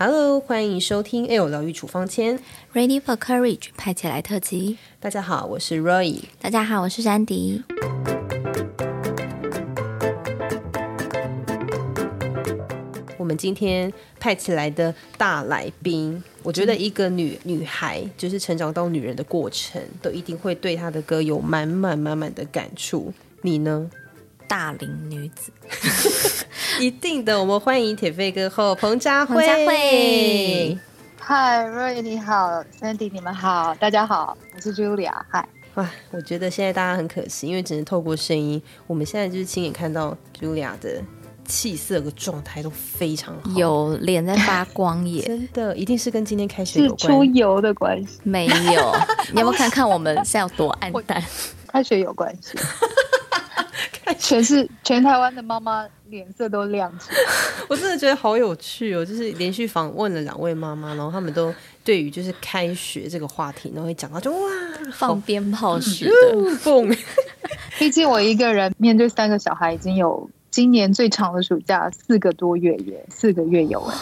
Hello，歡迎收聽《ELLE 療癒處方箋》，Ready for Courage 派起來特輯。大家好，我是 Roy。大家好，我是珊迪。 我們今天派起來的大來賓，我覺得一個女女孩，就是成長到女人的過程，都一定會對她的歌有滿滿滿滿的感觸。你呢，大齡女子？ 一定的，我們歡迎鐵肺歌后彭佳慧。Hi，Ray 你好，Sandy 你們好，大家好，我是 Julia、Hi。嗨，哇，我覺得現在大家很可惜，因為只能透過聲音。我們現在就是親眼看到 Julia 的氣色和狀態都非常好，有臉在發光耶！真的，一定是跟今天開學有關。是出油的關係。沒有， 你要不要看看我們現在有多暗淡？開學有關係。全是全台灣的媽媽臉色都亮起來， 我真的覺得好有趣哦！就是連續訪問了兩位媽媽，然後他們都對於就是開學這個話題，然後會講到就哇放鞭炮似的。 畢竟我一個人面對三個小孩，已經有今年最長的暑假四個多月耶，四個月有了。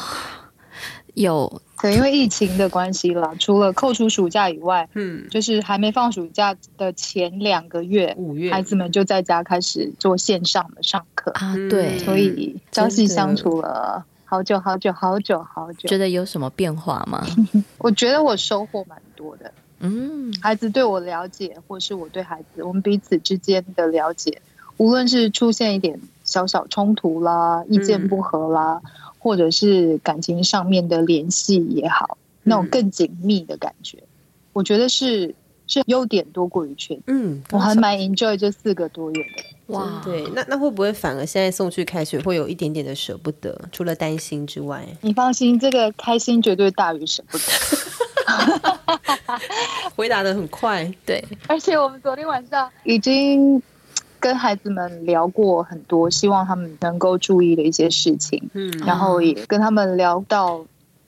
有。對，因為疫情的關係了，除了扣除暑假以外，嗯，就是還沒放暑假的前兩個月，五月，孩子們就在家開始做線上的上課啊，對，嗯、所以朝夕相處了好久好久好久好久。覺得有什麼變化嗎？ 我覺得我收穫蠻多的，嗯，孩子對我了解，或是我對孩子，我們彼此之間的了解，無論是出現一點小小衝突啦，意、嗯、見不合啦。或者是感情上面的聯繫也好，那種更緊密的感覺，嗯，我覺得是是優點多過於缺點。嗯，我還蠻 enjoy 這四個多月的。哇，對，那那會不會反而現在送去開學會有一點點的捨不得？除了擔心之外。你放心，這個開心絕對大於捨不得。 回答得很快，對，而且我們昨天晚上已經。跟孩子們聊過很多，希望他們能夠注意的一些事情，嗯，然後也跟他們聊到，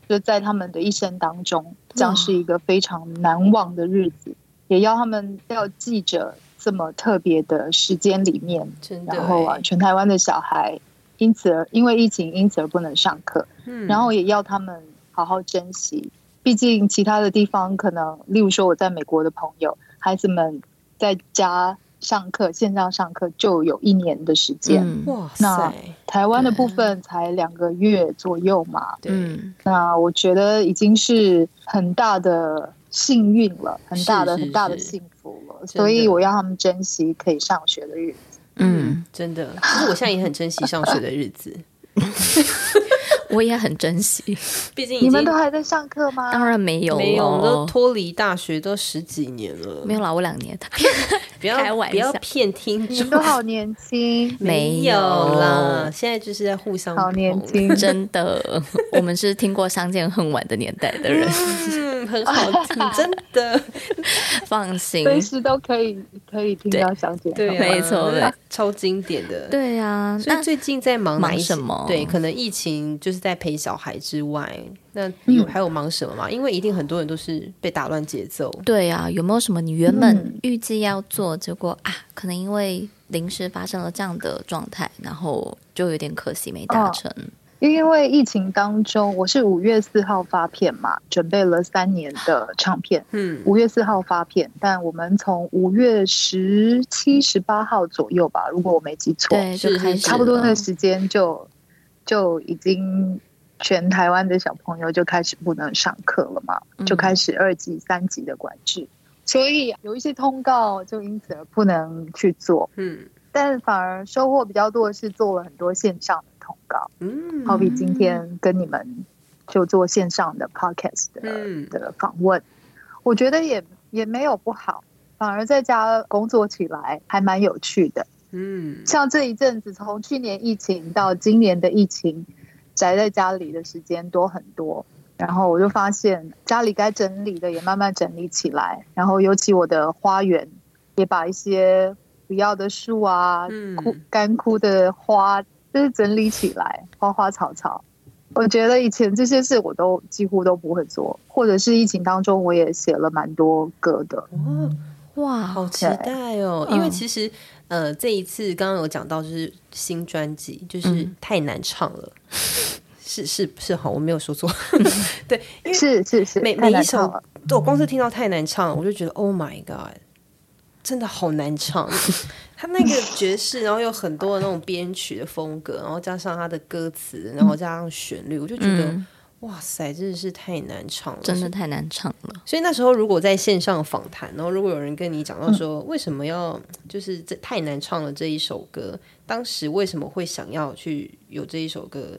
就在他們的一生當中，將是一個非常難忘的日子，也要他們要記着這麼特別的時間裡面，然後啊，全台灣的小孩因此而因為疫情因此而不能上課，嗯，然後也要他們好好珍惜，畢竟其他的地方可能，例如說我在美國的朋友，孩子們在家。上課線上上課就有一年的時間，嗯，那台灣的部分才兩個月左右嘛，對。那我覺得已經是很大的幸運了，很大的很大的幸福了，是是是，所以我要他們珍惜可以上學的日子。嗯，真的，其實我現在也很珍惜上學的日子。 我也很珍惜，畢竟你們都還在上課嗎？當然沒有，沒有，我都脫離大學都十幾年了。沒有啦，我兩年。騙 不要開玩，不要騙聽眾，你們都好年輕，沒有啦，現在就是在互相好年輕，真的。我們是聽過“相見恨晚”的年代的人， 嗯，很好聽，真的。 放心，隨時都可以可以聽到“相見恨晚”，沒錯的，超經典的。對呀、啊，那、啊啊啊啊啊、最近在忙忙什麼，對？對，可能疫情就是。在陪小孩之外，那有還有忙什麼嗎、嗯？因為一定很多人都是被打亂節奏。對啊，有沒有什麼你原本預計要做，嗯、結果啊，可能因為臨時發生了這樣的狀態，然後就有點可惜沒達成、哦。因為疫情當中，我是五月四號發片嘛，準備了三年的唱片。嗯，五月四號發片，但我們從五月十七、十八號左右吧，如果我沒記錯，對，就開始差不多的時間就。就已經全台灣的小朋友就開始不能上課了嘛，就開始二級、三級的管制，嗯，所以有一些通告就因此而不能去做。嗯，但反而收穫比較多的是做了很多線上的通告，嗯，好比今天跟你們就做線上的 podcast 的、嗯、的訪問，我覺得也也沒有不好，反而在家工作起來還蠻有趣的。嗯，像這一陣子，從去年疫情到今年的疫情，宅在家裡的時間多很多。然後我就發現家裡該整理的也慢慢整理起來，然後尤其我的花園也把一些不要的樹啊、枯、乾枯的花，就是整理起來，花花草草。我覺得以前這些事我都幾乎都不會做，或者是疫情當中我也寫了蠻多歌的。嗯、okay, 哇，好期待哦、嗯，因為其實。呃，這一次剛剛有講到，就是新專輯，就是太難唱了，嗯、是是是、是，好，我沒有說錯， 對，因為是是是，每每一首都，我光是聽到太難唱了，我就覺得、嗯、Oh my God，真的好難唱。 他那個爵士，然後有很多的那種編曲的風格，然後加上他的歌詞，然後加上旋律，我就覺得。嗯哇塞，真的是太難唱了，真的太難唱了。所以那時候如果在線上訪談，然後如果有人跟你講到說，為什麼要、嗯、就是這太難唱了這一首歌，當時為什麼會想要去有這一首歌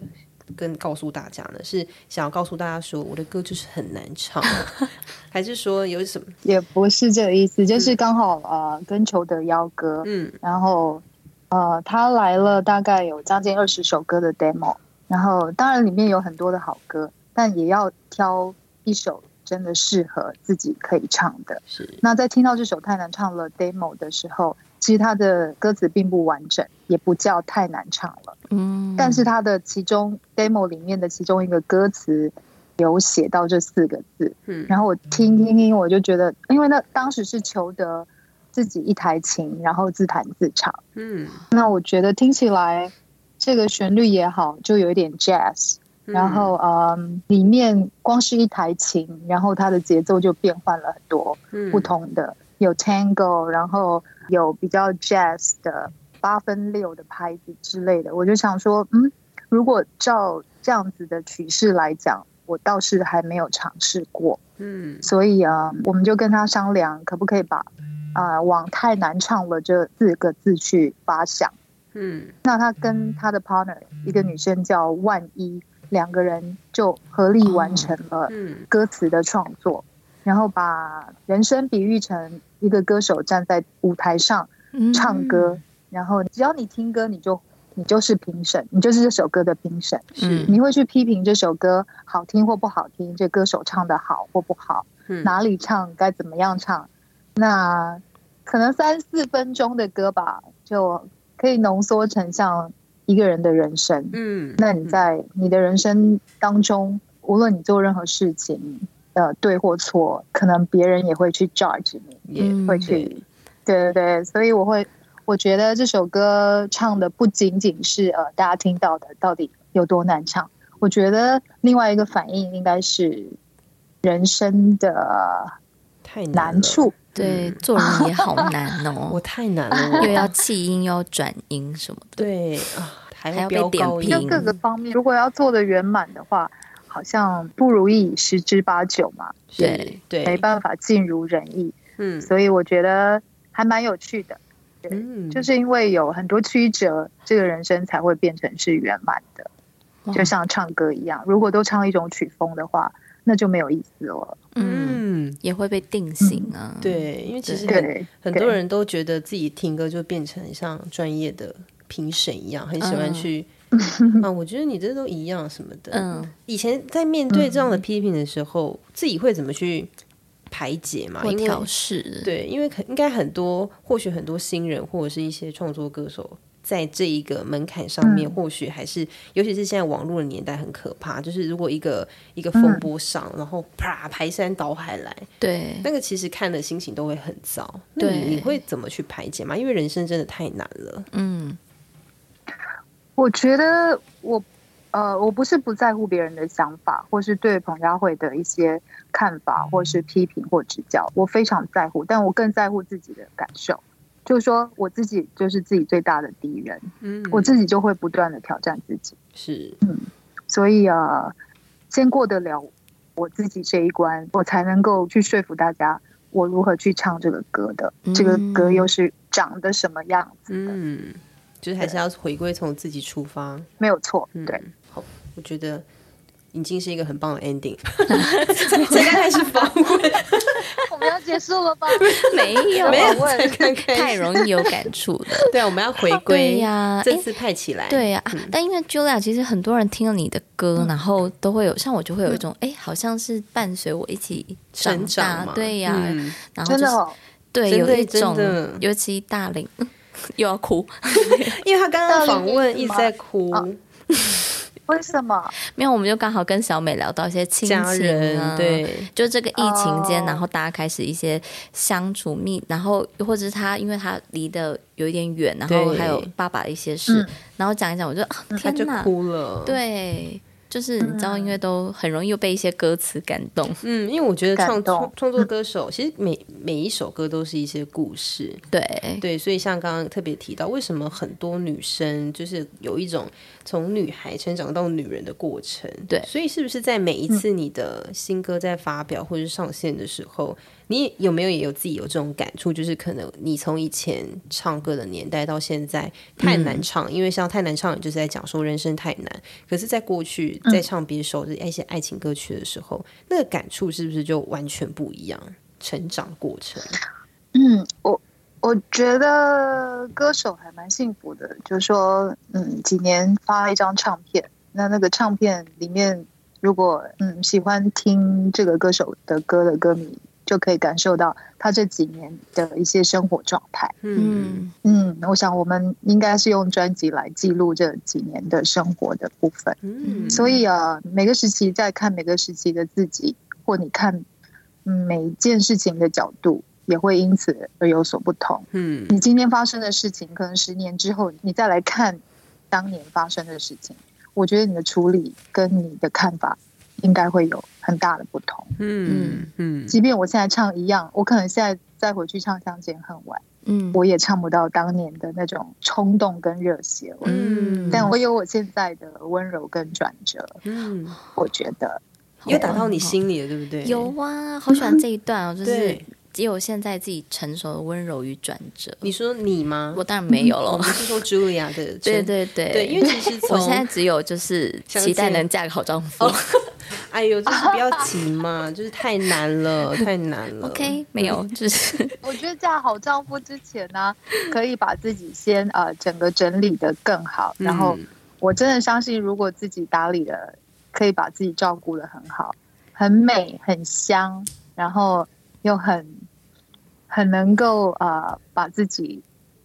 跟告訴大家呢？是想要告訴大家說我的歌就是很難唱， 還是說有什麼？也不是這個意思，就是剛好啊、呃，跟裘德邀歌，嗯，然後呃，他來了大概有將近二十首歌的 demo。然後，當然裡面有很多的好歌，但也要挑一首真的適合自己可以唱的。是。那在聽到這首太難唱了 demo 的時候，其實它的歌詞並不完整，也不叫太難唱了。嗯。但是它的其中 demo 裡面的其中一個歌詞有寫到這四個字。嗯。然後我聽聽聽，我就覺得、嗯，因為那當時是裘德自己一台琴，然後自彈自唱。嗯。那我覺得聽起來。這個旋律也好，就有一點 jazz、嗯、然後嗯，裡面光是一台琴，然後它的節奏就變換了很多、嗯、不同的，有 tango，然後有比較 jazz 的八分六的拍子之類的。我就想說，嗯，如果照這樣子的曲式來講，我倒是還沒有嘗試過，嗯，所以啊、嗯，我們就跟他商量，可不可以把啊、呃“往太難唱了”這四個字去發想。嗯，那他跟他的 partner，嗯，一個女生叫萬一，兩個人就合力完成了歌詞的創作，嗯嗯，然後把人生比喻成一個歌手站在舞台上唱歌，嗯嗯，然後只要你聽歌，你就你就是評審，你就是這首歌的評審，是你會去批評這首歌好聽或不好聽，這歌手唱的好或不好，嗯，哪裡唱該怎麼樣唱，那可能三四分鐘的歌吧，就。可以濃縮成像一個人的人生。嗯，那你在你的人生當中，嗯、無論你做任何事情呃，對或錯，可能別人也會去 judge 你、嗯，也會去對。對對對，所以我會我覺得這首歌唱的不僅僅是呃大家聽到的到底有多難唱，我覺得另外一個反應應該是人生的難處。太難對，做人也好難哦， 我太難了，又要氣音，又要轉音什麼的。對啊，還要被點評，各個方面。如果要做的圓滿的話，好像不如意十之八九嘛。對對，對，沒辦法盡如人意。嗯，所以我覺得還蠻有趣的。嗯，就是因為有很多曲折，這個人生才會變成是圓滿的、哦。就像唱歌一樣，如果都唱一種曲風的話。那就沒有意思了，哦，嗯，也會被定型啊。嗯、對，因為其實很，很多人都覺得自己聽歌就變成像專業的評審一樣，很喜歡去，嗯、啊。我覺得你這都一樣什麼的。嗯，以前在面對這樣的批評的時候，嗯、自己會怎麼去排解嘛？調適。對，因為很應該很多，或許很多新人或者是一些創作歌手。在這一個門檻上面，或許，還是，尤其是現在網絡的年代很可怕，嗯、就是如果一個一個風波上，然後啪，排山倒海來，對、嗯，那個其實看的心情都會很糟。對。對，你會怎麼去排解嘛？因為人生真的太難了。嗯，我覺得我呃，我不是不在乎別人的想法，或是對彭佳慧的一些看法，或是批評或指教，我非常在乎，但我更在乎自己的感受。就是說，我自己就是自己最大的敵人。嗯，我自己就會不斷的挑戰自己。是，嗯，所以啊，先過得了我自己這一關，我才能夠去說服大家，我如何去唱這個歌的。嗯，這個歌又是長得什麼樣子的。嗯，就是還是要回歸從自己出發，沒有錯。對。嗯，好，我覺得。已經是一個很棒的 ending，才開始訪問， 我們要結束了吧？沒有， 沒有，再看看 太容易有感觸了。 對啊，我們要回歸呀，這次派起來。對呀、啊欸啊嗯，但因為 Julia，其實很多人聽了你的歌，然後都會有，像我就會有一種，哎、嗯欸，好像是伴隨我一起長大。對呀、啊嗯，然後就是真的哦、對，有一種，真的真的尤其大齡、嗯、 又要哭， 因為他剛剛訪問一直在哭。 啊為什麼？沒有，我們就剛好跟小美聊到一些親情、啊，對，就這個疫情間，oh. 然後大家開始一些相處密，然後又或者是他因為他離得有點遠，然後還有爸爸的一些事，嗯、然後講一講，我就，啊、天哪，他就哭了，對。就是你知道，因為都很容易又被一些歌詞感動。嗯，因為我覺得創創創作歌手，嗯、其實每每一首歌都是一些故事。對對，所以像剛剛特別提到，為什麼很多女生就是有一種從女孩成長到女人的過程。對，所以是不是在每一次你的新歌在發表或是上線的時候？嗯你有沒有也有自己有這種感觸？就是可能你從以前唱歌的年代到現在太難唱，嗯，因為像太難唱，也就是在講說人生太難。可是，在過去在唱比如說，一些愛情歌曲的時候，嗯、那個感觸是不是就完全不一樣？成長過程，嗯，我我覺得歌手還蠻幸福的，就是說，嗯，幾年發一張唱片，那那個唱片裡面，如果嗯喜歡聽這個歌手的歌的歌迷。就可以感受到他這幾年的一些生活狀態。嗯嗯，我想我們應該是用專輯來記錄這幾年的生活的部分。嗯，所以啊，每個時期在看每個時期的自己，或你看每一件事情的角度，也會因此而有所不同。嗯，你今天發生的事情，可能十年之後你再來看當年發生的事情，我覺得你的處理跟你的看法，應該會有很大的不同，嗯嗯，即便我現在唱一樣，嗯，我可能現在再回去唱《相見恨晚》，嗯，我也唱不到當年的那種衝動跟熱血，嗯。但我有我現在的溫柔跟轉折，嗯，我覺得，有打到你心裡了，對不對？有啊，好喜歡這一段啊，就是只有現在自己成熟的溫柔與轉折。嗯。你說你嗎？我當然沒有了，嗯、我是說茱莉亞的對對對對，對，因為其實 我現在只有就是期待能嫁個好丈夫。哦哎呦，就是不要急嘛， 就是太難了，太難了。OK，、嗯、沒有，就是 我覺得嫁好丈夫之前呢、啊，可以把自己先啊、呃、整個整理得更好。然後我真的相信，如果自己打理的可以把自己照顧得很好，很美，很香，然後又很很能夠啊、呃、把自己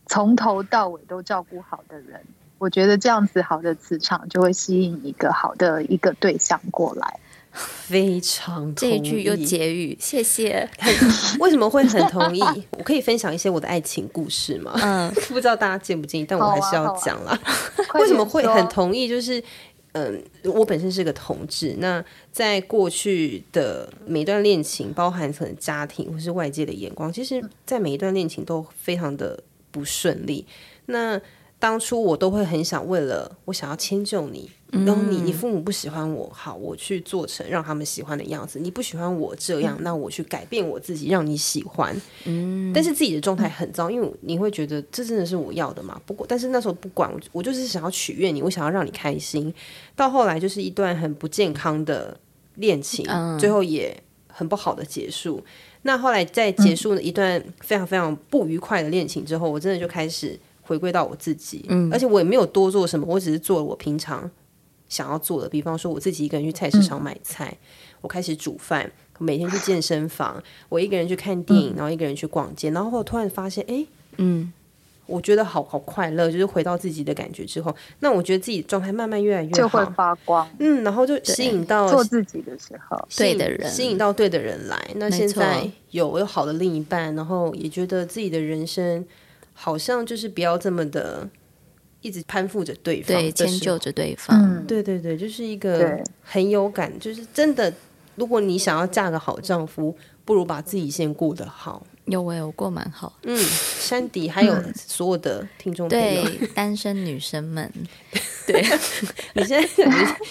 從頭到尾都照顧好的人。我覺得這樣子好的磁場就會吸引一個好的一個對象過來。非常，這一句又結語，謝謝。 為什麼會很同意？ 我可以分享一些我的愛情故事嗎？嗯， 不知道大家介不介意，但我還是要講啦。 為什麼會很同意？就是嗯、呃，我本身是個同志，那在過去的每一段戀情、嗯，包含可能家庭或是外界的眼光，其實，在每一段戀情都非常的不順利。那當初我都會很想為了我想要遷就你，嗯，然後你你父母不喜歡我，好，我去做成讓他們喜歡的樣子。你不喜歡我這樣，嗯，那我去改變我自己，讓你喜歡，嗯。但是自己的狀態很糟，因為你會覺得，這真的是我要的嘛？不過，但是那時候不管我，我就是想要取悅你，我想要讓你開心。到後來就是一段很不健康的戀情，最後也很不好的結束。嗯，那後來在結束了一段非常非常不愉快的戀情之後，我真的就開始。回歸到我自己、嗯，而且我也沒有多做什麼，我只是做了我平常想要做的。比方說，我自己一個人去菜市場買菜，嗯、我開始煮飯，每天去健身房，我一個人去看電影、嗯，然後一個人去逛街。然後突然發現，哎、欸，嗯，我覺得好好快樂，就是回到自己的感覺之後，那我覺得自己狀態慢慢越來越好，就會發光。嗯，然後就吸引到做自己的時候，對的人吸引到對的人來。那現在有有、有好的另一半，然後也覺得自己的人生。好像就是不要這麼的，一直攀附着對方，對，遷就着對方。嗯、對對對，就是一個很有感，就是真的。如果你想要嫁個好丈夫，不如把自己先過得好。有啊，我有過蠻好。嗯，山 迪還有所有的聽眾朋友、嗯、對單身女生們。 對，你先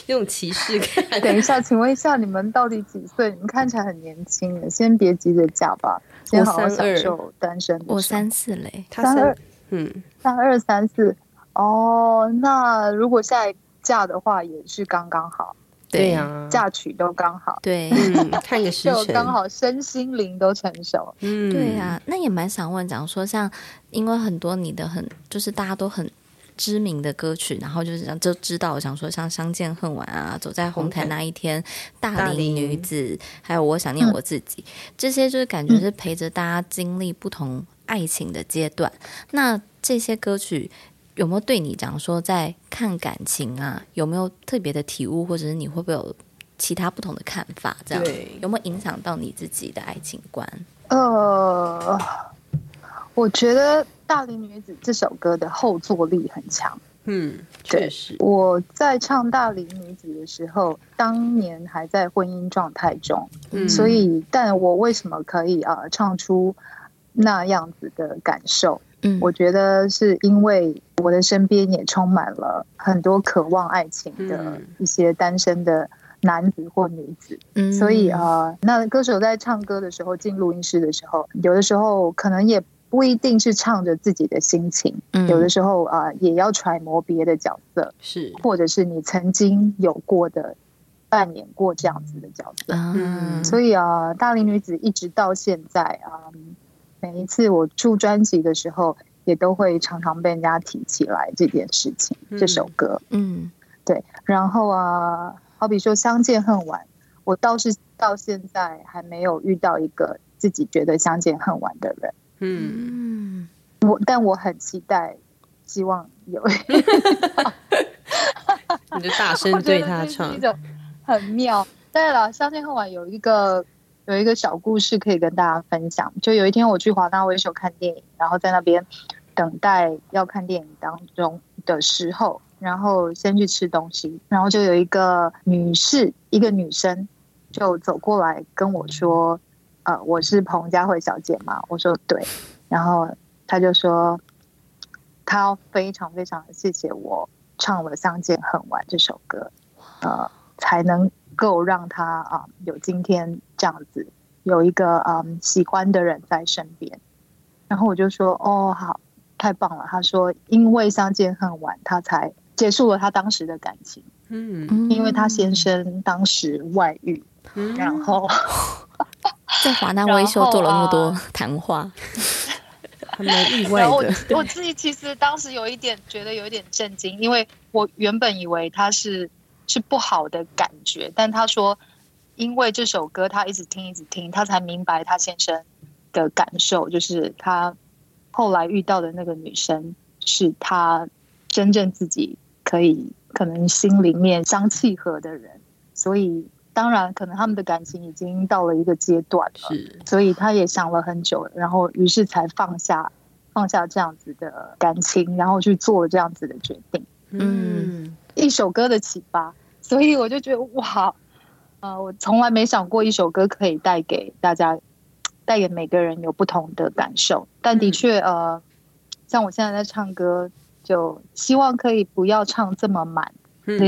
用歧視看。 等一下，請問一下，你們到底幾歲？你們看起來很年輕，先別急着嫁吧，先好好享受單身我。我三四嘞，三，他三，三二，嗯，三二三四。哦，那如果下一嫁的話，也是剛剛好。對呀、啊，嫁娶都剛好。對，他也是剛好，身心靈都成熟。嗯，對呀、啊，那也蠻想問，講說像，因為很多你的很，就是大家都很。知名的歌曲，然後就是就知道，我想說像《相見恨晚》啊，《走在紅毯那一天》okay.，《大齡女子》，還有《我想念我自己》嗯，這些就是感覺是陪着大家經歷不同愛情的階段。嗯。那這些歌曲有沒有對你講說，在看感情啊，有沒有特別的體悟，或者是你會不會有其他不同的看法？這樣，對。有沒有影響到你自己的愛情觀？呃，uh, 我覺得。大齡女子這首歌的後坐力很強，嗯，確實對。我在唱《大齡女子》的時候，當年還在婚姻狀態中，嗯，所以，但我為什麼可以啊唱出那樣子的感受？嗯，我覺得是因為我的身邊也充滿了很多渴望愛情的一些單身的男子或女子，嗯，所以啊，那歌手在唱歌的時候進錄音室的時候，有的時候可能也。不一定是唱着自己的心情，嗯、有的時候啊、呃，也要揣摩別的角色，是，或者是你曾經有過的扮演過這樣子的角色。嗯，嗯所以啊，大齡女子一直到現在啊、嗯，每一次我出專輯的時候，也都會常常被人家提起來這件事情、嗯，這首歌，嗯，對。然後啊，好比說相見恨晚，我倒是到現在還沒有遇到一個自己覺得相見恨晚的人。嗯，嗯，我但我很期待，希望有一， 你的大聲對他唱，很妙。 對了，《相見恨晚》有一個有一個小故事可以跟大家分享。就有一天我去華納威秀看電影，然後在那邊等待要看電影當中的時候，然後先去吃東西，然後就有一個女士，一個女生就走過來跟我說。呃，我是彭佳慧小姐嘛？我說對，然後他就說，他要非常非常謝謝我唱了《相見恨晚》這首歌，呃，才能夠讓他啊、呃、有今天這樣子有一個嗯喜歡的人在身邊。然後我就說哦，好，太棒了。他說因為《相見恨晚》，他才結束了他當時的感情。嗯，因為他先生當時外遇，嗯、然後。嗯 在華南威秀做了那麼多談話，很意外，然後我自己其實當時有一點覺得有一點震驚，因為我原本以為他是是不好的感覺，但他說因為這首歌他一直聽一直聽，他才明白他先生的感受，就是他後來遇到的那個女生是他真正自己可以可能心裡面相契合的人，所以。當然，可能他們的感情已經到了一個階段了，是，所以他也想了很久，然後於是才放下，放下這樣子的感情，然後去做這樣子的決定嗯。嗯，一首歌的啟發，所以我就覺得哇，呃，我從來沒想過一首歌可以帶給大家，帶給每個人有不同的感受。但的確，嗯、呃，像我現在在唱歌，就希望可以不要唱這麼滿，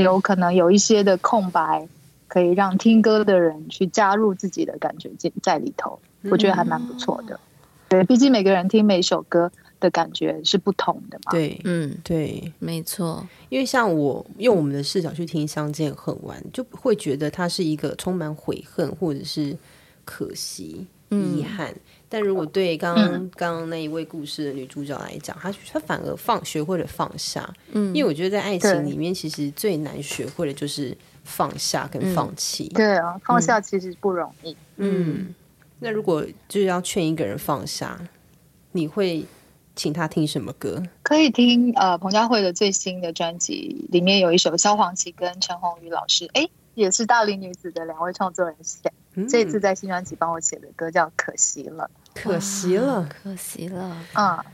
有可能有一些的空白。嗯可以讓聽歌的人去加入自己的感覺在裡頭，嗯、我覺得還蠻不錯的。對，畢竟每個人聽每一首歌的感覺是不同的嘛。對，嗯，對，沒錯。因為像我用我們的視角去聽《相見恨晚》，就會覺得它是一個充滿悔恨或者是可惜、遺、嗯、憾。但如果對剛，剛剛那一位故事的女主角來講，她、哦、她、嗯、反而放學會了放下，嗯，因為我覺得在愛情裡面，其實最難學會的就是放下跟放棄。嗯、對啊、哦，放下其實不容易。嗯，嗯嗯嗯，那如果就是要勸一個人放下，你會請他聽什麼歌？可以聽呃彭佳慧的最新的專輯，裡面有一首《蕭煌奇跟陳宏宇老師，哎，也是大齡女子的兩位創作人寫。嗯、這次在新專輯幫我寫的歌叫可《可惜了》嗯，可惜了，可惜了啊！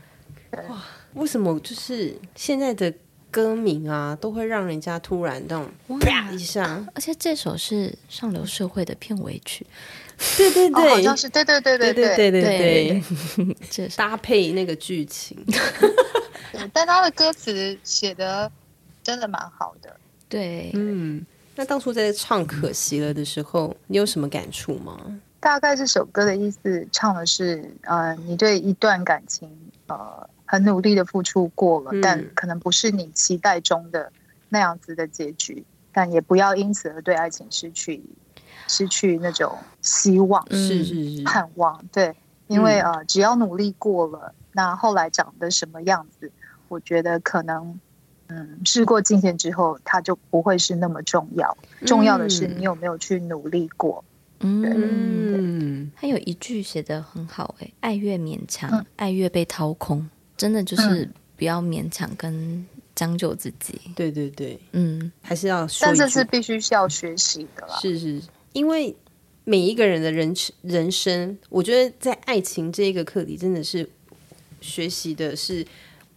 哇，為什麼就是現在的歌名啊，都會讓人家突然這種哇一下？而且這首是上流社會的片尾曲， 對對對，哦、好像是對對對對，對對對對對，對對對對 搭配那個劇情。 但他的歌詞寫的真的蠻好的，對，對嗯。那當初在唱可惜了的時候，你有什麼感觸嗎？大概這首歌的意思唱的是，呃，你對一段感情，呃，很努力的付出過了，嗯、但可能不是你期待中的那樣子的結局，但也不要因此而對愛情失去失去那種希望，是是是，盼望、嗯、對，因為呃，只要努力過了，那後來長得什麼樣子，我覺得可能。事過境遷之後，它就不會是那麼重要。重要的是你有沒有去努力過。嗯，還、嗯、有一句寫的很好、欸，哎，愛越勉強、嗯，愛越被掏空，真的就是不要勉強跟將就自己、嗯。對對對，嗯，還是要說，但這是必須是要學習的啦。是是，因為每一個人的人人生，我覺得在愛情這一個課題，真的是學習的是。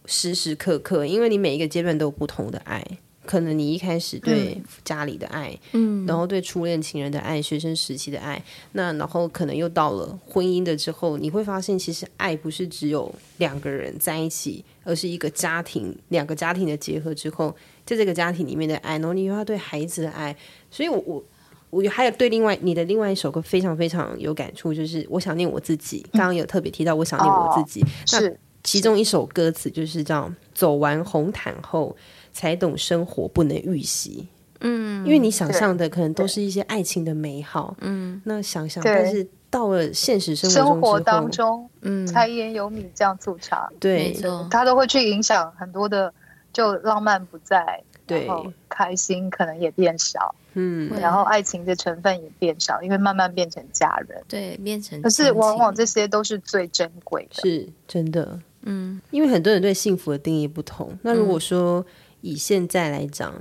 時時刻刻，因為你每一個階段都有不同的愛，可能你一開始對家裡的愛，嗯，然後對初戀情人的愛，學生時期的愛，那然後可能又到了婚姻的之後，你會發現其實愛不是只有兩個人在一起，而是一個家庭兩個家庭的結合之後，在這個家庭裡面的愛，然後你又要對孩子的愛，所以我我我還有對另外你的另外一首歌非常非常有感觸，就是《我想念我自己》，嗯、剛剛有特別提到《我想念我自己》，哦、那其中一首歌詞就是這樣，走完紅毯後才懂生活不能預習。嗯，因為你想象的可能都是一些愛情的美好，嗯，那想想，但是到了現實生活中生活當中，嗯，柴米油鹽醬醋茶，對，他都會去影響很多的，就浪漫不再，對，開心可能也變少，嗯，然後愛情的成分也變少，因為慢慢變成家人，對，變成，可是往往這些都是最珍貴的，是真的。嗯，因為很多人對幸福的定義不同。那如果說以現在來講，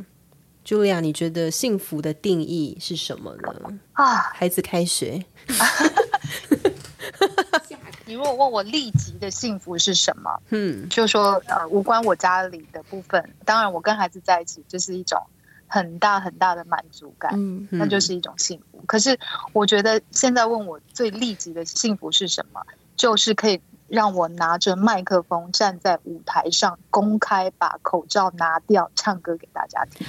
茱莉亞，Julia, 你覺得幸福的定義是什麼呢？啊，孩子開學。 你如果問我立即的幸福是什麼？嗯，就說呃，無關我家裡的部分。當然，我跟孩子在一起，這是一種很大很大的滿足感，嗯。嗯，那就是一種幸福。可是，我覺得現在問我最立即的幸福是什麼，就是可以，讓我拿着麥克風站在舞台上，公開把口罩拿掉唱歌給大家聽，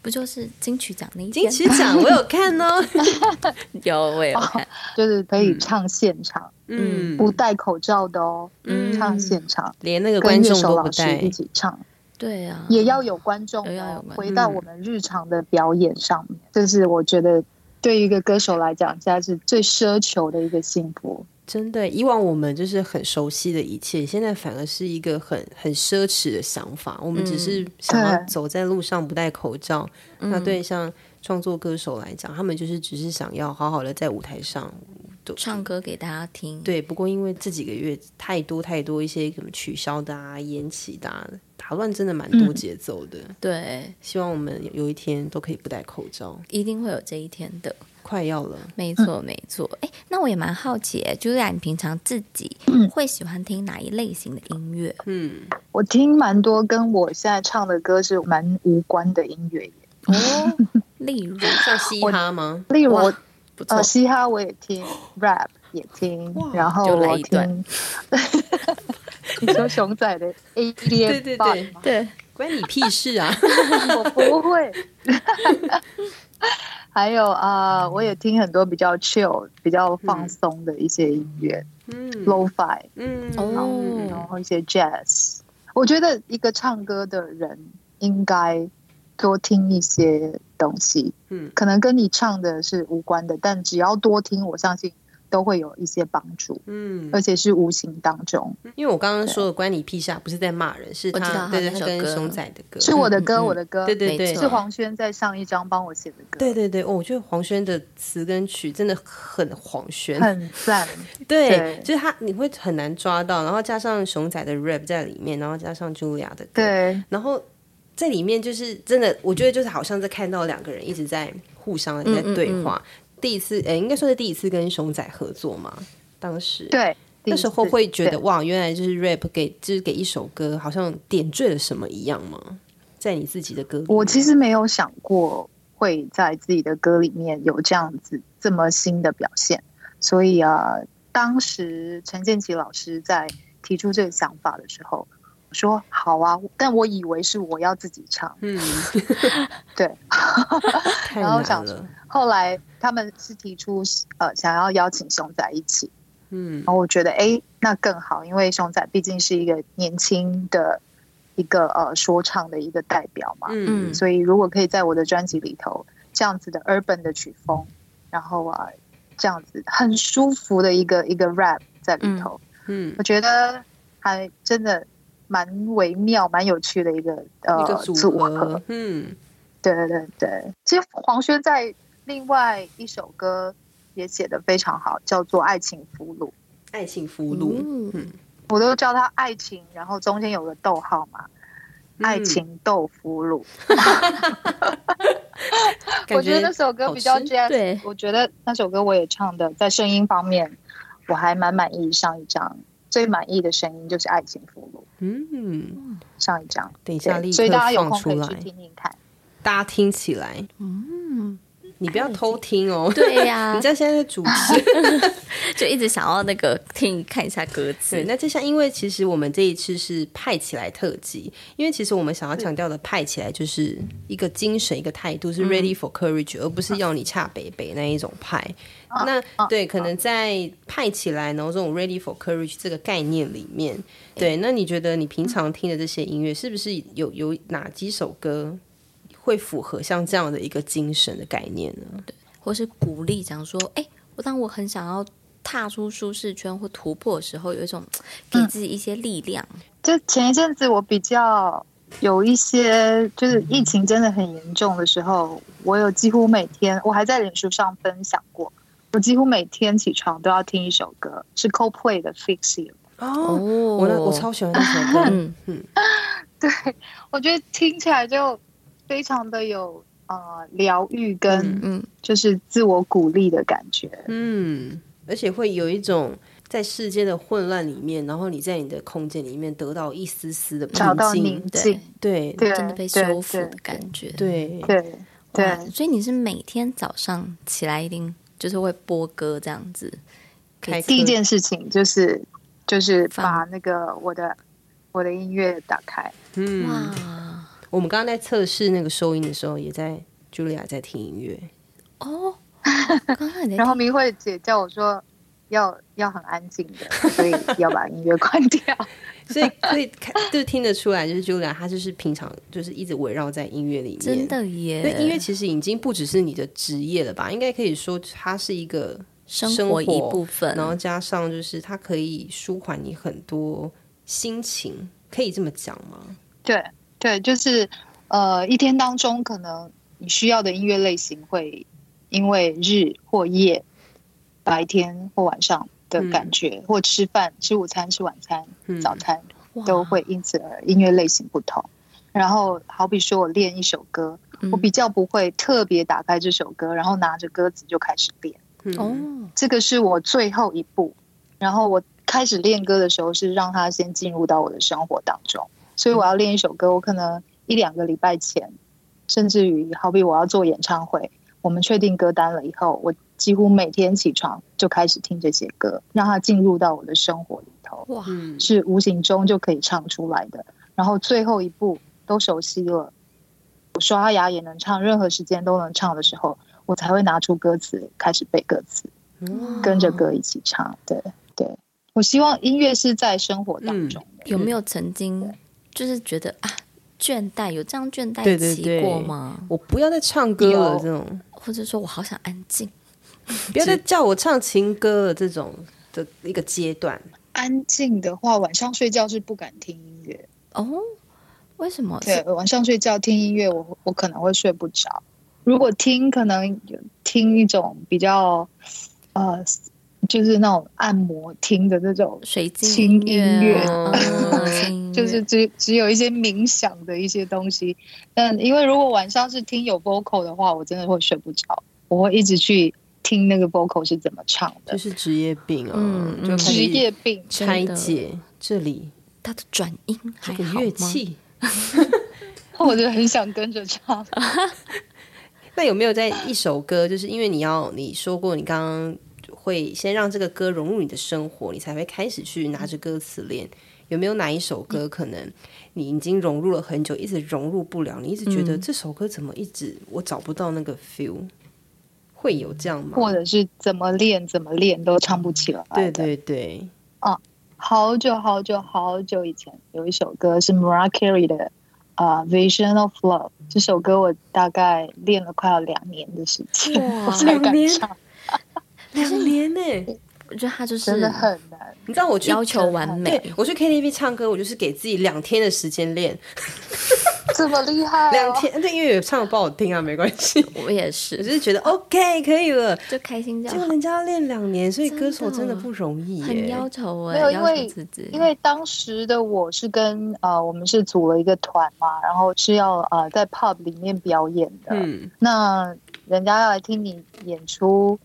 不就是金曲獎那一天？金曲獎我有看哦， 有我有看、oh, 就是可以唱現場嗯，嗯，不戴口罩的哦，嗯，唱現場，連那個觀眾老師一起唱，對啊，也要有觀眾、哦，回到我們日常的表演上面，這、嗯就是我覺得對一個歌手來講，現在是最奢求的一個幸福。真的，以往我們就是很熟悉的一切，現在反而是一個很很奢侈的想法。我們只是想要走在路上不戴口罩，嗯。那對像創作歌手來講，他們就是只是想要好好的在舞台上唱歌給大家聽。對，不過因為這幾個月太多太多一些什麼取消的啊、延期的啊，打亂，真的蠻多節奏的，嗯。對，希望我們有一天都可以不戴口罩，一定會有這一天的。快要了，沒錯、嗯、沒錯。哎，那我也蠻好奇，就是 你平常自己會喜歡聽哪一類型的音樂？嗯，我聽蠻多跟我現在唱的歌是蠻無關的音樂耶。哦，例 如像嘻哈嗎？例如，呃，嘻哈我也聽，rap 也聽，然後我聽。就一段 你說熊仔的 A B M 對對，對，對，關你屁事啊！ 我不會。 還有啊，呃，我也聽很多比較 chill，比較放鬆的一些音樂，嗯，Lo-fi，嗯，然後然後一些 jazz，嗯。我覺得一個唱歌的人應該多聽一些東西，嗯，可能跟你唱的是無關的，但只要多聽，我相信，都會有一些幫助，嗯，而且是無形當中。因為我剛剛說的“關你屁事”不是在罵人，是他對仔的歌，我歌，他跟熊仔的歌是我的歌，我的歌，嗯、對對對，是黃軒在上一張幫我寫的歌，對對對，我覺得黃軒的詞跟曲真的很黃軒，很讚對，對，就是他你會很難抓到，然後加上熊仔的 rap 在裡面，然後加上茱莉 l 的歌，對，然後在裡面就是真的，我覺得就是好像在看到兩個人一直在互相在對話。嗯嗯嗯嗯第一次，哎，應該說是第一次跟熊仔合作嘛。當時，對，第四那時候會覺得哇，原來就是 rap 給，就是給一首歌，好像點綴了什麼一樣嘛。在你自己的歌，我其實沒有想過會在自己的歌裡面有這樣子這麼新的表現。所以啊，當時陳建奇老師在提出這個想法的時候，我說好啊，但我以為是我要自己唱。嗯， 對， 難了 然後想。後來他們是提出呃想要邀請熊仔一起，嗯，然後我覺得哎、欸、那更好，因為熊仔畢竟是一個年輕的，一個呃說唱的一個代表嘛，嗯，所以如果可以在我的專輯裡頭，這樣子的 urban 的曲風，然後啊這樣子很舒服的一個一個 rap 在裡頭嗯，嗯，我覺得還真的蠻微妙、蠻有趣的一個呃一個組合組合，嗯，對對對對，其實黃軒在。另外一首歌也寫得非常好，叫做《愛情俘虜》。愛情俘虜、嗯，我都叫他愛情，然後中間有個逗號嘛、嗯，愛情豆俘虜。 感覺 我覺得那首歌比較 Jazz。我覺得那首歌我也唱的，在聲音方面我還蠻滿意。上一張最滿意的聲音就是《愛情俘虜》。嗯，上一張、嗯，等一下立刻放出來，所以大家有空可以去聽聽看。大家聽起來，嗯。你不要偷聽哦！啊、對呀、啊，你知道現在，在主持 就一直想要那個聽看一下歌詞。對，那就像因為其實我們這一次是派起來特輯，因為其實我們想要強調的派起來就是一個精神、一個態度，是 ready for courage，嗯嗯，而不是要你恰北北那一種派。啊、那、啊、對，可能在派起來，然後這種 ready for courage 這個概念裡面，對，欸、那你覺得你平常聽的這些音樂，是不是有有哪幾首歌？會符合像這樣的一個精神的概念呢？對，或是鼓勵，講說，哎，我當我很想要踏出舒適圈或突破的時候，有一種給自己一些力量。嗯、就前一陣子，我比較有一些，就是疫情真的很嚴重的時候、嗯，我有幾乎每天，我還在臉書上分享過，我幾乎每天起床都要聽一首歌，是 Coldplay 的 Fix You。哦，我我超喜歡這首歌， 嗯嗯，對我覺得聽起來就。非常的有啊，呃、療癒跟就是自我鼓勵的感覺，嗯，嗯，而且會有一種在世界的混亂裡面，然後你在你的空間裡面得到一絲絲的找到寧靜，對，真的被修復的感覺，對對對、對。所以你是每天早上起來一定就是會播歌這樣子，第一件事情就是就是把那個我的我的音樂打開，嗯。我們剛剛在測試那個收音的時候，也在 Julia 在聽音樂哦。剛剛 然後佳慧姐叫我說要要很安靜的，所以要把音樂關掉。 所以可以看就聽得出來，就是 Julia 她就是平常就是一直圍繞在音樂裡面。真的耶！因為音樂其實已經不只是你的職業了吧？應該可以說它是一個生活一部分。嗯、然後加上就是它可以舒緩你很多心情，可以這麼講嗎？對。對，就是，呃，一天當中，可能你需要的音樂類型會因為日或夜、白天或晚上的感覺，嗯、或吃飯、吃午餐、吃晚餐、嗯、早餐，都會因此而音樂類型不同。然後，好比說我練一首歌、嗯，我比較不會特別打開這首歌，然後拿着歌詞就開始練。哦、嗯，這個是我最後一步。然後我開始練歌的時候，是讓它先進入到我的生活當中。所以我要練一首歌，我可能一兩個禮拜前，甚至於好比我要做演唱會，我們確定歌單了以後，我幾乎每天起床就開始聽這些歌，讓它進入到我的生活裡頭。哇，是無形中就可以唱出來的。然後最後一步都熟悉了，我刷牙也能唱，任何時間都能唱的時候，我才會拿出歌詞開始背歌詞，跟着歌一起唱。對對，我希望音樂是在生活當中，嗯，有沒有曾經。就是覺得啊，倦怠，有這樣倦怠期過嗎？對對對，我不要再唱歌了，這種，或者說我好想安靜，不要再叫我唱情歌了，這種的一個階段。安靜的話，晚上睡覺是不敢聽音樂哦，Oh? 為什麼？對，晚上睡覺聽音樂，我我可能會睡不着。如果聽，可能有聽一種比較呃。就是那種按摩聽的那種水晶、輕音樂、 嗯，就是只只有一些冥想的一些東西。但因為如果晚上是聽有 vocal 的話，我真的會睡不着，我會一直去聽那個 vocal 是怎麼唱的。就是職業病啊，職業病，嗯，職業病拆解這裡它的轉音，還有樂器，我就很想跟着唱。那有沒有在一首歌？就是因為你要你說過你剛剛。會先讓這個歌融入你的生活，你才會開始去拿着歌詞練。有沒有哪一首歌？嗯，可能你已經融入了很久，一直融入不了？你一直覺得、嗯、這首歌怎麼一直我找不到那個 feel？會有這樣嗎？或者是怎麼練怎麼練都唱不起了？對對對。啊，好久好久好久以前有一首歌是 Mariah Carey 的、uh,《Vision of Love》，嗯，這首歌我大概練了快要兩年的時間，才 敢唱。兩年呢、欸，我覺得他就是真的很難。你知道我要求完美，我去 KTV 唱歌，我就是給自己兩天的時間練。這麼厲害、哦，兩 天。那因為唱的不好聽啊，沒關係。我也是，我就是覺得 OK 可以了，就開心這樣。結果就人家要練兩年，所以歌手真的不容易、欸，很要求我。沒有，因為，因為當時的我是跟呃，我們是組了一個團嘛，然後是要呃在 pub 裡面表演的。嗯，那人家要來聽你演出。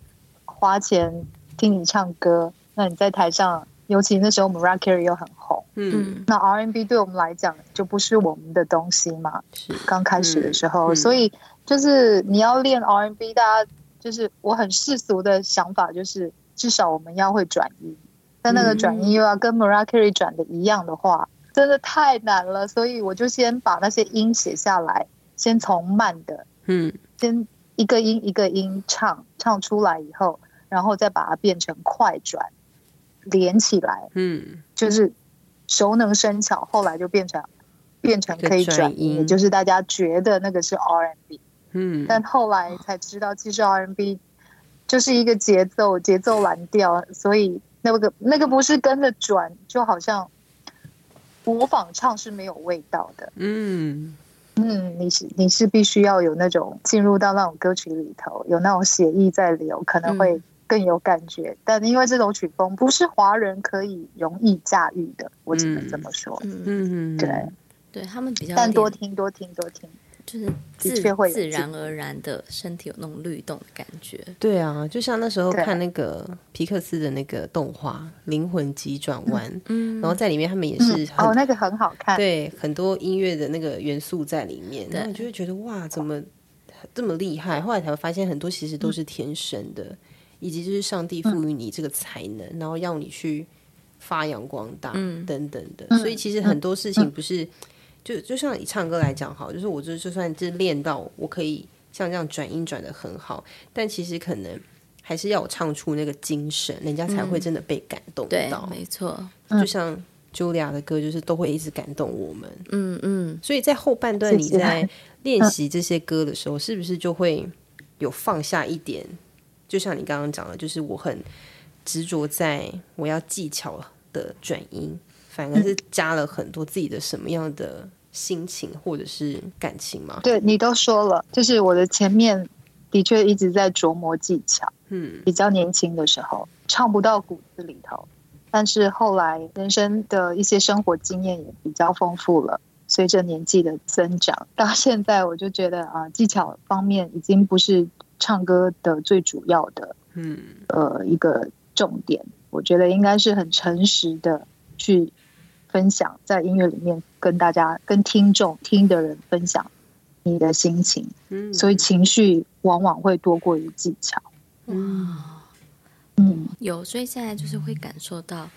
花錢聽你唱歌，那你在台上，尤其那時候 Mariah Carey 又很紅，嗯，那 R&B 對我們來講就不是我們的東西嘛。是剛開始的時候，嗯，所以就是你要練 R&B，大家就是我很世俗的想法，就是至少我們要會轉音，但那個轉音又要跟 Mariah Carey 轉的一樣的話，真的太難了。所以我就先把那些音寫下來，先從慢的，嗯，先一個音一個音唱唱出來以後。然後再把它變成快轉，連起來，嗯，就是熟能生巧。後來就變成變成可以轉，轉音，也就是大家覺得那個是 R&B，嗯，但後來才知道，其實 R&B 就是一個節奏，哦、節奏藍調，所以那個那個不是跟着轉，就好像模仿唱是沒有味道的。嗯嗯，你是你是必須要有那種進入到那種歌曲裡頭，有那種血液在流，可能會。嗯更有感覺，但因為這種曲風不是華人可以容易駕馭的，我只能這麼說。嗯對嗯，嗯，嗯對，對他們比較，但多聽多聽多聽，就是自會自然而然的，自自自自自然而然的身體有那種律動的感覺。對啊，就像那時候看那個皮克斯的那個動畫《靈魂急轉彎》，嗯，然後在裡面他們也是、嗯、哦，那個很好看。對，很多音樂的那個元素在裡面，然後你就會覺得哇，怎麼這麼厲害？後來才會發現，很多其實都是天生的。嗯以及就是上帝賦予你這個才能，嗯、然後要你去發揚光大、嗯、等等的、嗯，所以其實很多事情不是、嗯、就就像以唱歌來講好，好就是我就是、就算就是練到我可以像這樣轉音轉得很好，但其實可能還是要我唱出那個精神，人家才會真的被感動到。對，沒錯。就像 Julia 的歌，就是都會一直感動我們。嗯嗯。所以在後半段你在練習這些歌的時候，是不是就會有放下一點？就像你剛剛講的，就是我很執着在我要技巧的轉音，反而是加了很多自己的什麼樣的心情或者是感情嗎？對，你都說了，就是我的前面的確一直在琢磨技巧，嗯，比較年輕的時候唱不到骨子裡頭，但是後來人生的一些生活經驗也比較豐富了，隨着年紀的增長，到現在我就覺得啊，技巧方面已經不是。唱歌的最主要的，嗯，呃，一個重點，我覺得應該是很誠實的去分享，在音樂裡面跟大家、跟聽眾聽的人分享你的心情。嗯，所以情緒往往會多過於技巧。嗯。哇，嗯，有，所以現在就是會感受到，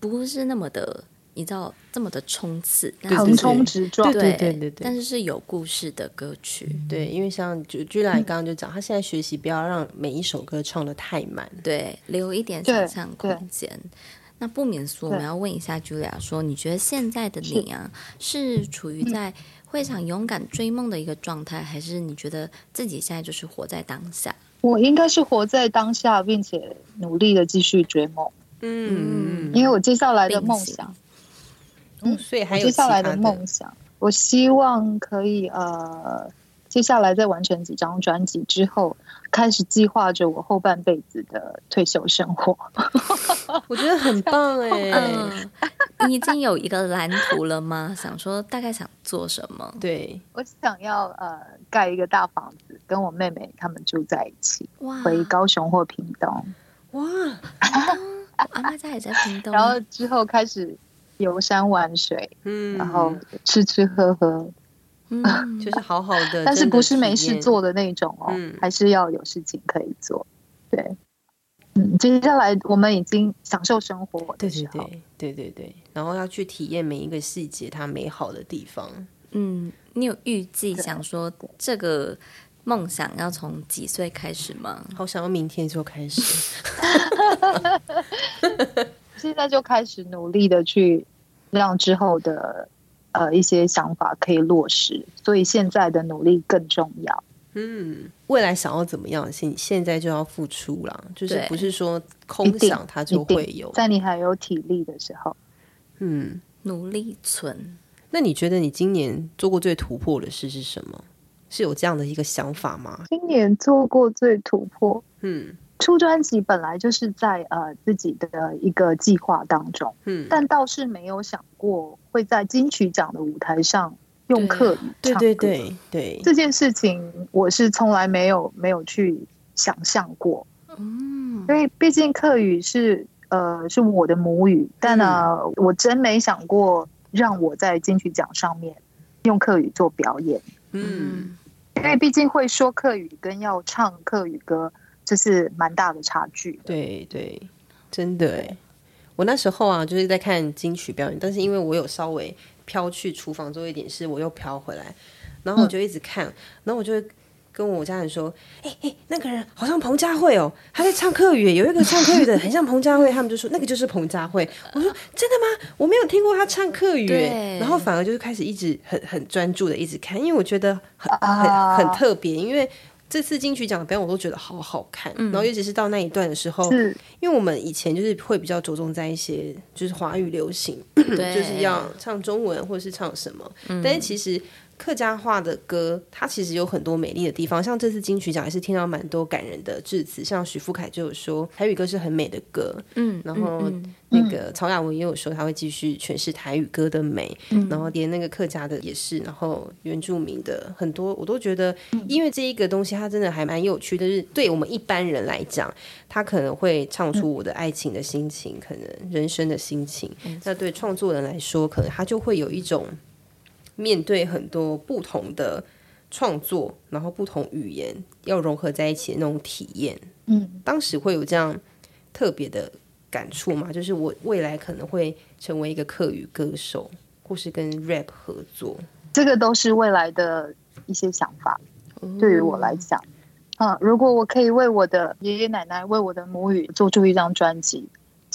不是那麼的。你知道這麼的衝刺，橫衝直撞，對對對對，對，對，對，但是是有故事的歌曲，嗯、對，因為像朱莉亞剛剛就講、嗯，他現在學習不要讓每一首歌唱得太滿，對，留一點想象空間。那不免俗我們要問一下朱莉亞，說你覺得現在的你啊，是，是處於在非常勇敢追夢的一個狀態、嗯，還是你覺得自己現在就是活在當下？我應該是活在當下，並且努力地繼續追夢，嗯，因為我接下來的夢想。嗯、所以還有接下來的夢想，我希望可以呃，接下來再完成幾張專輯之後，開始計劃着我後半輩子的退休生活。 我覺得很棒哎，欸 嗯，你已經有一個藍圖了嗎？ 想說大概想做什麼？對，我想要呃，蓋一個大房子，跟我妹妹他們住在一起。哇！回高雄或屏東？哇！啊、 阿嬤家也在屏東， 然後之後開始。遊山玩水，嗯，然後吃吃喝喝，嗯，就是好好的， 但是不是沒事做的那種哦，嗯，還是要有事情可以做。對，嗯，接下來我們已經享受生活的時候，對對對對對對，然後要去體驗每一個細節它美好的地方。嗯，你有預計想說這個夢想要從幾歲開始嗎？好想要明天就開始。 現在就開始努力的去讓之後的呃一些想法可以落實，所以現在的努力更重要。嗯，未來想要怎麼樣，現你現在就要付出了，就是不是說空想它就會有，在你還有體力的時候，嗯，努力存。那你覺得你今年做過最突破的事是什麼？是有這樣的一個想法嗎？今年做過最突破，嗯。出專輯本來就是在呃自己的一個計劃當中，嗯，但倒是沒有想過會在金曲獎的舞台上用客語唱歌。對啊、對對對對，這件事情我是從來沒有沒有去想象過，嗯，因為畢竟客語是呃是我的母語，但呢、啊嗯，我真沒想過讓我在金曲獎上面用客語做表演，嗯，嗯因為畢竟會說客語跟要唱客語歌。這是蠻大的差距的。對對，真的、欸、我那時候啊，就是在看金曲表演，但是因為我有稍微飄去廚房做一點事，我又飄回來，然後我就一直看，嗯、然後我就跟我家人說：“哎、欸、哎、欸，那個人好像彭佳慧哦，他在唱客語，有一個唱客語的， 很像彭佳慧。”他們就說：“那個就是彭佳慧。”我說：“真的嗎？我沒有聽過他唱客語。”然後反而就是開始一直很很專注的一直看，因為我覺得很很很、很特別，因為。這次金曲獎的表演我都覺得好好看、嗯，然後尤其是到那一段的時候，因為我們以前就是會比較着重在一些就是華語流行， 就是要唱中文或者是唱什麼，嗯、但是其實。客家話的歌，它其實有很多美麗的地方。像這次金曲獎，還是聽到蠻多感人的致辭。像許富凱就有說，台語歌是很美的歌。嗯，然後、嗯、那個、嗯、曹雅雯也有說，他會繼續詮釋台語歌的美、嗯。然後連那個客家的也是，然後原住民的很多，我都覺得，因為這一個東西，它真的還蠻有趣的。就是對我們一般人來講，他可能會唱出我的愛情的心情，可能人生的心情。嗯、那對創作人來說，可能他就會有一種。面對很多不同的創作，然後不同語言要融合在一起的那種體驗，嗯，當時會有這樣特別的感觸嗎？就是我未來可能會成為一個客語歌手，或是跟 rap 合作，這個都是未來的一些想法。嗯、對於我來講，啊、嗯，如果我可以為我的爺爺奶奶、為我的母語做出一張專輯。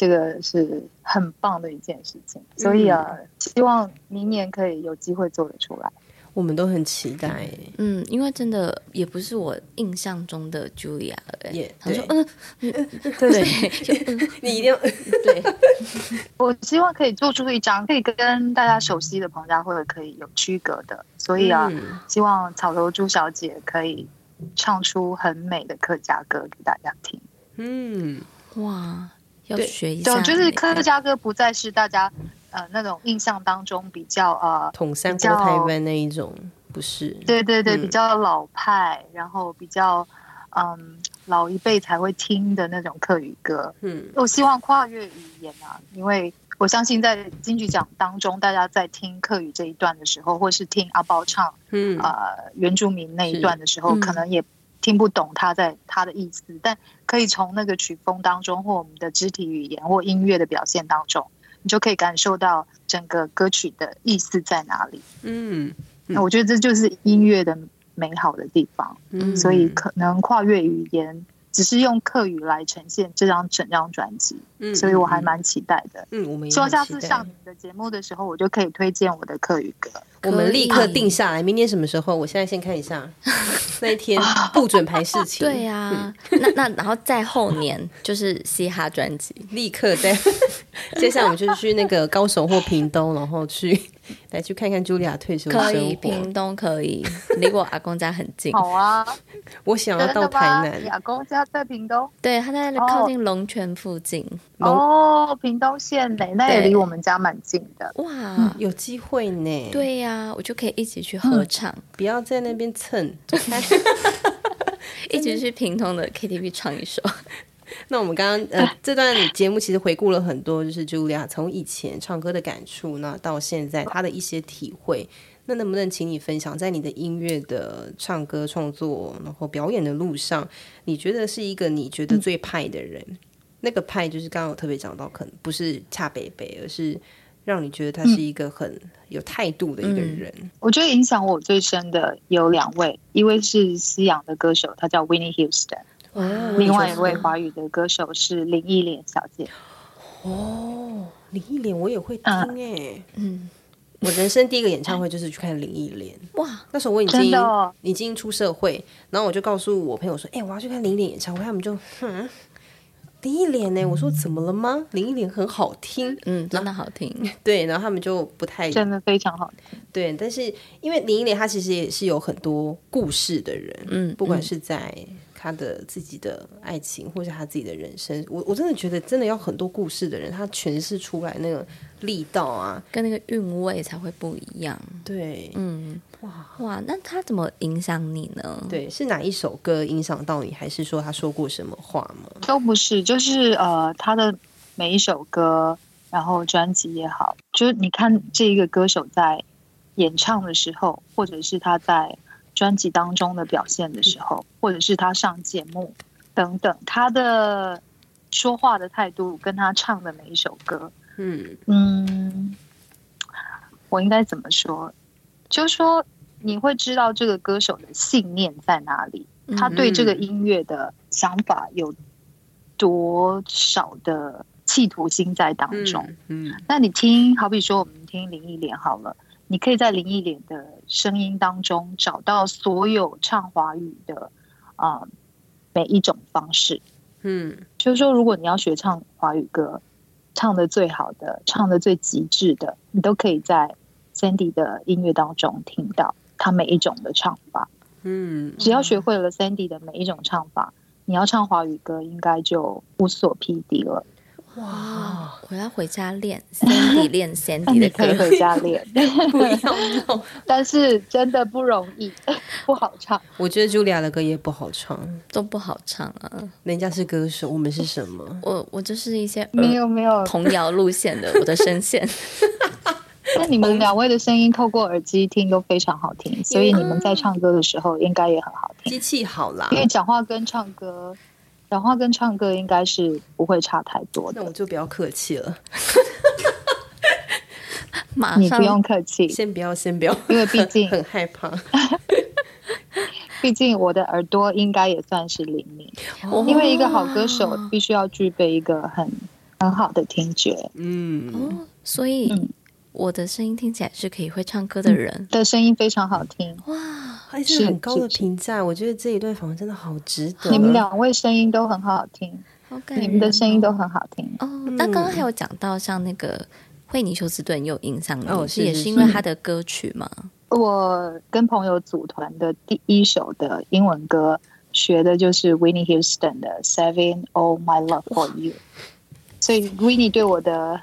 這個是很棒的一件事情，所以啊，嗯、希望明年可以有機會做得出來。我們都很期待，欸，嗯，因為真的也不是我印象中的 Julia 了，欸。Yeah, 他說：“嗯，對，呃、對 就 你一定對。 ”我希望可以做出一張可以跟大家熟悉的彭佳慧可以有區隔的，所以啊，希望草頭朱小姐可以唱出很美的客家歌給大家聽。嗯，哇。對，對，對，就是客家歌不再是大家，呃，那種印象當中比較呃，統三國台灣那一種，不是？對對對、嗯，比較老派，然後比較嗯，老一輩才會聽的那種客語歌。嗯，我希望跨越語言啊，因為我相信在金曲獎當中，大家在聽客語這一段的時候，或是聽阿爆唱嗯啊、呃、原住民那一段的時候，嗯、可能也。聽不懂他在他的意思，但可以從那個曲風當中，或我們的肢體語言，或音樂的表現當中，你就可以感受到整個歌曲的意思在哪裡。嗯，嗯那我覺得這就是音樂的美好的地方。嗯，所以可能跨越語言。只是用客語來呈現這張整張專輯，所以我還蠻期待的。嗯，希望下次上你們的節目的時候，我就可以推薦我的客語歌。我們立刻定下來，明年什麼時候？我現在先看一下， 那一天不准排事情。 對呀、啊嗯，那那然後再後年 就是嘻哈專輯，立刻在。 接下來我們就是去那個高雄或屏東，然後去。 來去看看茱莉亞退休的生活。可以，屏東可以，離我阿公家很近。 好啊， 我想要到台南。阿公家在屏東，對，他在靠近龍泉附近。哦，屏、哦、東縣內，那離我們家蠻近的。哇，嗯、有機會呢。對呀、啊，我就可以一起去合唱，嗯、不要在那邊蹭， 一起去屏東的 KTV 唱一首。那我們剛剛呃，這段節目其實回顧了很多，就是 Julia 從以前唱歌的感觸，那到現在她的一些體會。那能不能請你分享，在你的音樂的唱歌創作，然後表演的路上，你覺得是一個你覺得最派的人？嗯、那個派就是剛剛我特別講到，可能不是恰北北，而是讓你覺得他是一個很有態度的一個人、嗯。我覺得影響我最深的有兩位，一位是西洋的歌手，他叫 Whitney Houston。哦、另外一位華語的歌手是林憶蓮小姐。哦，林憶蓮我也會聽，哎、欸，嗯，我人生第一個演唱會就是去看林憶蓮。 哇，那時候我已經、哦、已經出社會，然後我就告訴我朋友說：“哎、欸，我要去看林憶蓮演唱會。”他們就哼，林憶蓮呢？我說怎麼了嗎？林憶蓮很好聽，嗯，真的好聽。對，然後他們就不太，真的非常好聽。對，但是因為林憶蓮她其實也是有很多故事的人，嗯，不管是在、嗯。他的自己的愛情，或者他自己的人生，我我真的覺得，真的要很多故事的人，他詮釋出來那個力道啊，跟那個韻味才會不一樣。對，嗯，哇哇，那他怎麼影響你呢？對，是哪一首歌影響到你？還是說他說過什麼話嗎？都不是，就是呃，他的每一首歌，然後專輯也好，就是你看這一個歌手在演唱的時候，或者是他在。專輯當中的表現的時候，或者是他上節目等等，他的說話的態度，跟他唱的每一首歌，嗯嗯，我應該怎麼說？就是說你會知道這個歌手的信念在哪裡，他對這個音樂的想法有多少的企圖心在當中？嗯，嗯，那你聽，好比說我們聽林憶蓮好了。你可以在林憶蓮的聲音當中找到所有唱華語的，啊、嗯，每一種方式。嗯，就是說，如果你要學唱華語歌，唱的最好的，唱的最極致的，你都可以在 Sandy 的音樂當中聽到他每一種的唱法。嗯，只要學會了 Sandy 的每一種唱法，嗯、你要唱華語歌應該就無所匹敵了。哇、wow！我要回家練，Sandy 練 Sandy，低練弦低的可以回家練， 不要 但是真的不容易， 不好唱。我覺得 Julia 的歌也不好唱， 都不好唱啊。人 家是歌手，我們是什麼？ 我我就是一些、呃、沒有沒有童謠路線的 我的聲聲線。那 你們兩位的聲音透過耳機聽都非常好聽，嗯、所以你們在唱歌的時候應該也很好聽。嗯、機器好啦，因為講話跟唱歌。講話跟唱歌應該是不會差太多的，那我就比較客氣了。你不用客氣，先不要，先不要，因為畢竟很害怕。畢竟我的耳朵應該也算是靈敏，因為一個好歌手必須要具備一個很很好的聽覺。嗯，所以我的聲音聽起來是可以會唱歌的人的聲音非常好聽哇。是、哎、很高的評價，我覺得這一對訪問真的好值得。你們兩位聲音都很好聽，好好你們的聲音都很好聽哦、oh, 嗯。那剛剛還有講到像那個惠妮休斯頓也有印象。哦，是、是、是也是因為他的歌曲嗎？我跟朋友組團的第一首的英文歌學的就是惠妮休斯頓的《Saving All My Love For You》，所以惠妮對我的，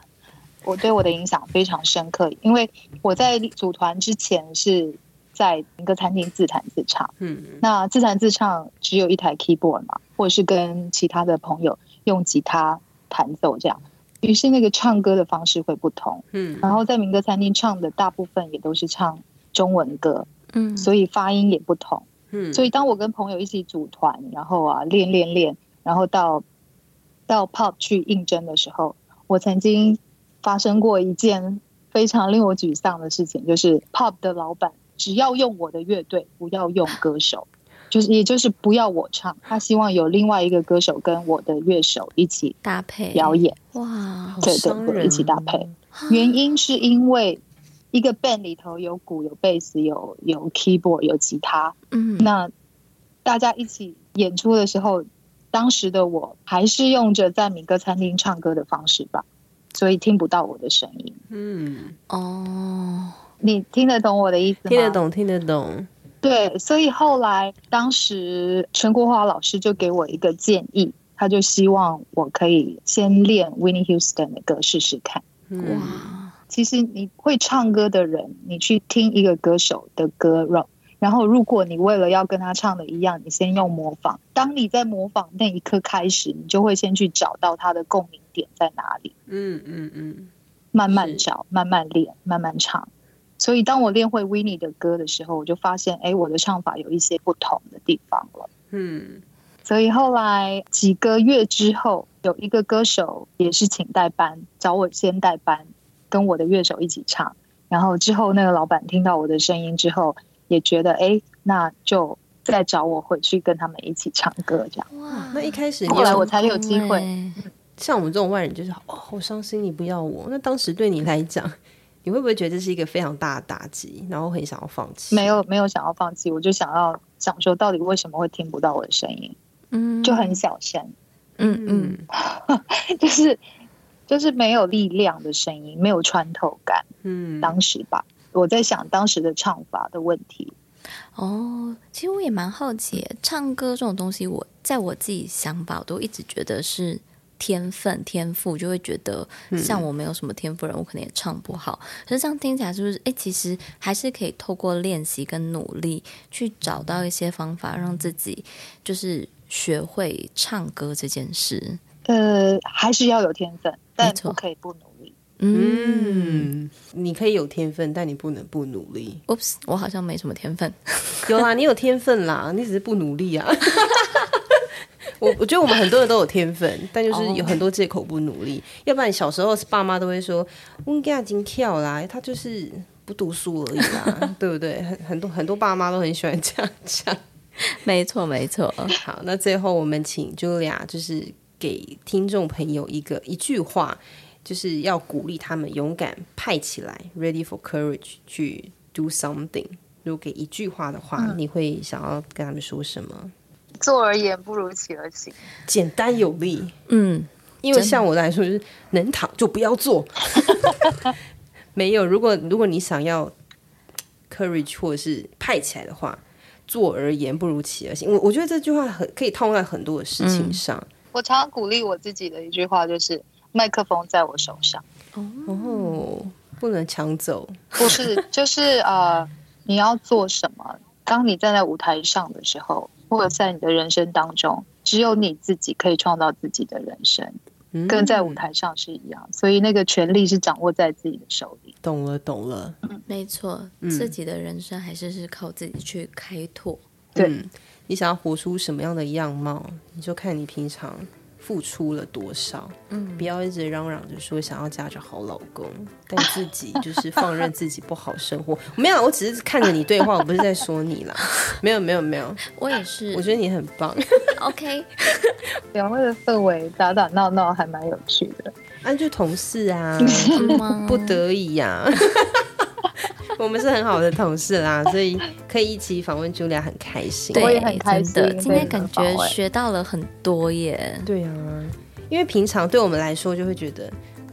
我對我的影響非常深刻，因為我在組團之前是。在民歌餐廳自彈自唱。嗯，那自彈自唱只有一台 keyboard 嘛，或者是跟其他的朋友用吉他彈奏這樣，於是那個唱歌的方式會不同。嗯，然後在民歌餐廳唱的大部分也都是唱中文歌，嗯，所以發音也不同。嗯，所以當我跟朋友一起組團，然後啊練練練，然後到到 pop 去應徵的時候，我曾經發生過一件非常令我沮喪的事情，就是 pop 的老闆。只要用我的樂隊，不要用歌手，就是也就是不要我唱，他希望有另外一個歌手跟我的樂手一起搭配表演。哇，對，對，對，好傷人！一起搭配，原因是因為一個 band 裡頭有鼓、有貝斯、有有 keyboard、有吉他。嗯，那大家一起演出的時候，當時的我還是用着在民歌餐廳唱歌的方式吧，所以聽不到我的聲音。嗯，哦。你聽得懂我的意思嗎？聽得懂，聽得懂。對，所以後來當時陳國華老師就給我一個建議，他就希望我可以先練 Whitney Houston 的歌試試看。哇，其實你會唱歌的人，你去聽一個歌手的歌，然後如果你為了要跟他唱的一樣，你先用模仿。當你在模仿那一刻開始，你就會先去找到他的共鳴點在哪裡。嗯嗯嗯，慢慢找，慢慢練，慢慢唱。所以當我練會 Winnie 的歌的時候，我就發現，哎，我的唱法有一些不同的地方了。嗯，所以後來幾個月之後，有一個歌手也是請代班找我先代班，跟我的樂手一起唱。然後之後那個老板聽到我的聲音之後，也覺得，哎，那就再找我回去跟他們一起唱歌。這樣，哇，那一開始後來我才有機會。像我們這種外人，就是哦，好傷心，你不要我。那當時對你來講。你會不會覺得這是一個非常大的打擊？然後很想要放棄？沒有，沒有想要放棄，我就想要想說，到底為什麼會聽不到我的聲音？嗯，就很小聲，嗯嗯， 就是就是沒有力量的聲音，沒有穿透感。嗯，當時吧，我在想當時的唱法的問題。哦，其實我也蠻好奇，唱歌這種東西，我在我自己想法，我都一直覺得是。天分天賦就會覺得，像我沒有什麼天賦人，人、嗯、我可能也唱不好。可是這樣聽起來，是不是？哎，其實還是可以透過練習跟努力，去找到一些方法，讓自己就是學會唱歌這件事。呃，還是要有天分，但不可以不努力。嗯，嗯，你可以有天分，但你不能不努力。我我好像沒什麼天分。 有啊，你有天分啦，你只是不努力啊。 我我覺得我們很多人都有天分，但就是有很多借口不努力。Oh, okay. 要不然小時候爸媽都會說：“我的孩子很聰明啦，他就是不讀書而已啦， 對不對？”很很多很多爸媽都很喜歡這樣講。 沒錯沒錯。好，那最後我們請 Julia，就是給聽眾朋友一個一句話，就是要鼓勵他們勇敢派起來，Ready for Courage 去 do something。如果給一句話的話，嗯、你會想要跟他們說什麼？坐而言不如起而行，簡單有力。嗯，因為像我來說，就是能躺就不要坐。 沒有，如果如果你想要 courage 或者是派起來的話，坐而言不如起而行。我我覺得這句話很可以套在很多的事情上。嗯。我常常鼓勵我自己的一句話就是：“麥克風在我手上，哦，不能搶走。”不是，就是呃，你要做什麼？當你站在舞台上的時候。或者在你的人生當中，只有你自己可以創造自己的人生，跟在舞台上是一樣，所以那個權力是掌握在自己的手裡。懂了，懂了。嗯，沒錯，嗯，自己的人生還是是靠自己去開拓。嗯，對，你想要活出什麼樣的樣貌，你就看你平常，付出了多少？嗯，不要一直嚷嚷着說想要嫁着好老公，但自己就是放任自己不好生活。 沒有，我只是看着你對話，我不是在說你啦。 沒有，沒有，沒有，我也是。我覺得你很棒。OK， 表妹的氛圍打打鬧鬧還蠻有趣的。啊，就同事啊， 不得已呀、啊。 我們是很好的同事啦，所以可以一起訪問朱莉亞，很開心 對。對，很開心。今天感覺學到了很多耶，很棒耶。對啊，因為平常對我們來說，就會覺得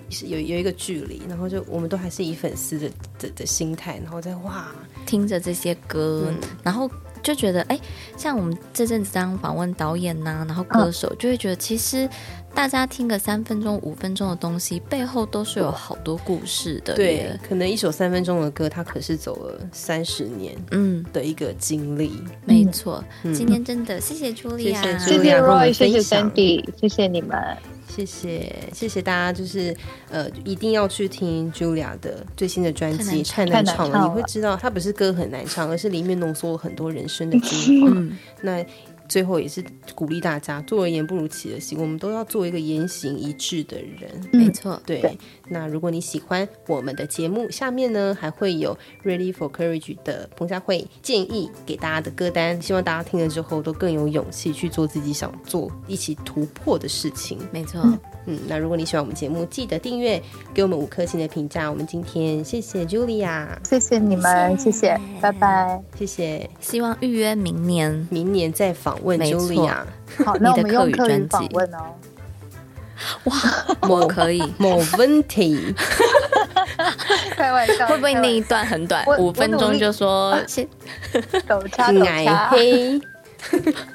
是有有一個距離，然後就我們都還是以粉絲的的的心態，然後在哇聽着這些歌，嗯、然後。就覺得哎、欸，像我們這陣子這樣訪問導演吶、啊，然後歌手，就會覺得其實大家聽個三分鐘、五分鐘的東西，背後都是有好多故事的、哦。對，可能一首三分鐘的歌，它可是走了三十年，嗯，的一個經歷、嗯嗯。沒錯，今天真的、嗯、謝謝朱莉亞，謝謝 Roy，謝謝 Sandy，謝謝你們。謝謝，謝謝大家。就是，呃，一定要去聽 Julia 的最新的專輯，太難，太難唱了，太難唱了。你會知道，它不是歌很難唱，而是裡面濃縮了很多人生的精華、 嗯。那。最後也是鼓勵大家，做而言不如起而行，我們都要做一個言行一致的人。嗯、沒錯，對。那如果你喜歡我們的節目，下面呢還會有 Ready for Courage 的彭佳慧建議給大家的歌單，希望大家聽了之後都更有勇氣去做自己想做、一起突破的事情。嗯、沒錯。嗯，那如果你喜歡我們節目，記得訂閱，給我們五顆星的評價。我們今天謝謝 Julia，謝謝你們謝謝，謝謝，拜拜，謝謝。希望預約明年，明年再訪問 Julia，好，你的客語專輯、哦。哇，我、哦哦、可以，沒問題。 開玩笑，會不會那一段很短，五分鐘就說？親愛，嘿、啊。